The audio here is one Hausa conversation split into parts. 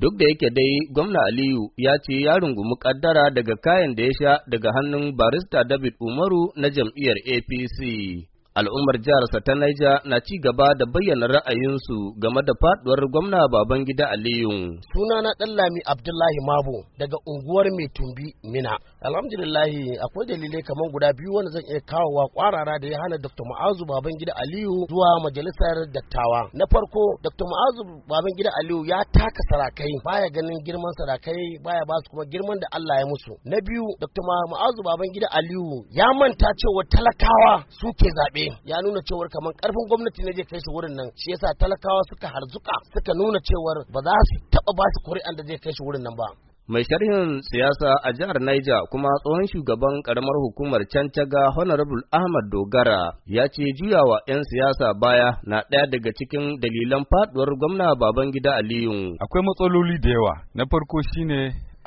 Duk da yake dai gwamna Aliyu ya ce ya rungumi kaddara daga kayan da ya sha daga hannun barista David Umaru na jam'iyyar APC. al'ummar jihar ta Naija na ci gaba da bayyana ra'ayinsu game da faduwar gwamna Babangida Aliyu. Suna na Ɗanlami Abdullahi Mabo daga unguwar Mai Tumbi Mina. Alhamdulillahi akwai dalilai kamar guda biyu wanda zan iya kawo wa kwarara da ya hana Dr. Ma'azu Babangida Aliyu zuwa majalisar dattawa. Na farko Dr. Ma'azu Babangida Aliyu ya taka sarakai baya ganin girman sarakai baya ba su kuma girman da Allah ya musu. Na biyu Dr. Ma'azu Babangida Aliyu ya manta cewa talakawa suke zaɓe ya nuna cewar kamar karfin gwamnati ne zai kai shi wurin nan shi yasa talakawa suka harzuka suka nuna cewar ba za su taba ba su kuri'an da zai kai shi wurin nan ba mai sharhin siyasa a jihar Niger kuma tsohon shugaban karamar hukumar Cancaga Honorable Ahmad Dogara ya ce juyawa 'yan siyasa baya na ɗaya daga cikin dalilan faduwar gwamna Babangida Aliyu. Akwai matsaloli da yawa, na farko shine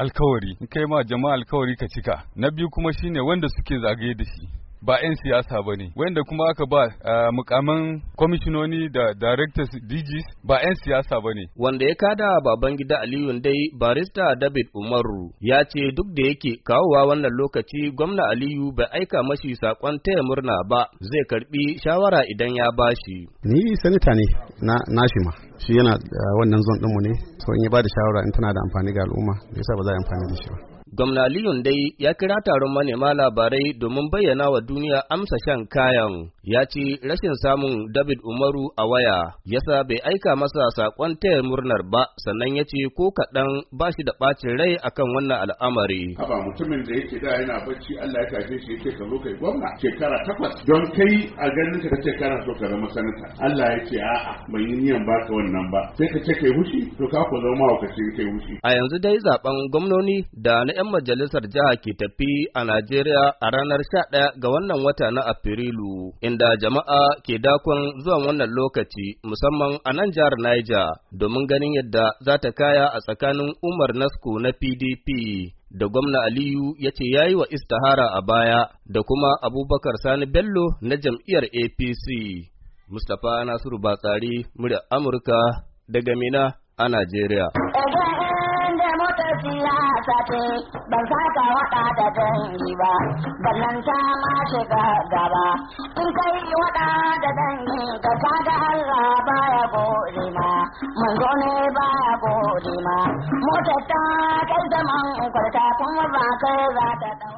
alkawari, in kai ma jama'a alkawari ka cika, na biyu kuma shine wanda suke zagaye da shi. ba 'yan siyasa ba ne wanda kuma aka ba mukaman kwamishinoni da directors DGs ba 'yan siyasa ba ne wanda ya kada baban gida Aliyu dai barista David Umaru ya ce duk da yake kawowa wannan lokaci gwamna Aliyu bai aika mashi sakon taya murna ba zai karbi shawara idan ya bashi ni sanita ne na nashima shi yana wannan zon ɗinmu ne so in ya ba da shawara in tana da amfani ga al'umma yasa ba za a amfani da shi ba Gwamna Liyun dai ya kira taron manema labarai domin bayyana wa duniya amsa shan kayan ya ce rashin samun David Umaru a waya ya sa bai aika masa saƙon taya murnar ba sannan ya ce ko kaɗan ba shi da ɓacin rai akan wannan al'amari. Haba mutumin da yake da yana bacci Allah ya tafi shi yake ka kai gwamna shekara takwas don kai a ganin ka ce kana so ka zama sanata. Allah ya ce a'a ban yi niyan ba ka wannan ba sai ka ce kai hushi to ka ku zama ka ce kai hushi. A yanzu dai zaben gwamnoni da na 'yan majalisar jiha ke tafi a Najeriya a ranar 11 ga wannan wata na Afrilu. inda jama'a ke dakon zuwa wannan lokaci musamman a nan jihar Niger domin ganin yadda za ta kaya a tsakanin Umar Nasko na PDP da gwamna Aliyu ya ce ya yi wa istahara a baya da kuma Abubakar Sani Bello na jam'iyyar APC. Mustapha Nasiru Batsari, murya Amurka daga Mina a Najeriya. siyasa ce ban saka wada da dangi ba ta ma shiga gaba in kai wada da dangi ka saka Allah ya gode ma manzo ne ya gode ma motar ta kai zaman kwarta kuma ba kai za ta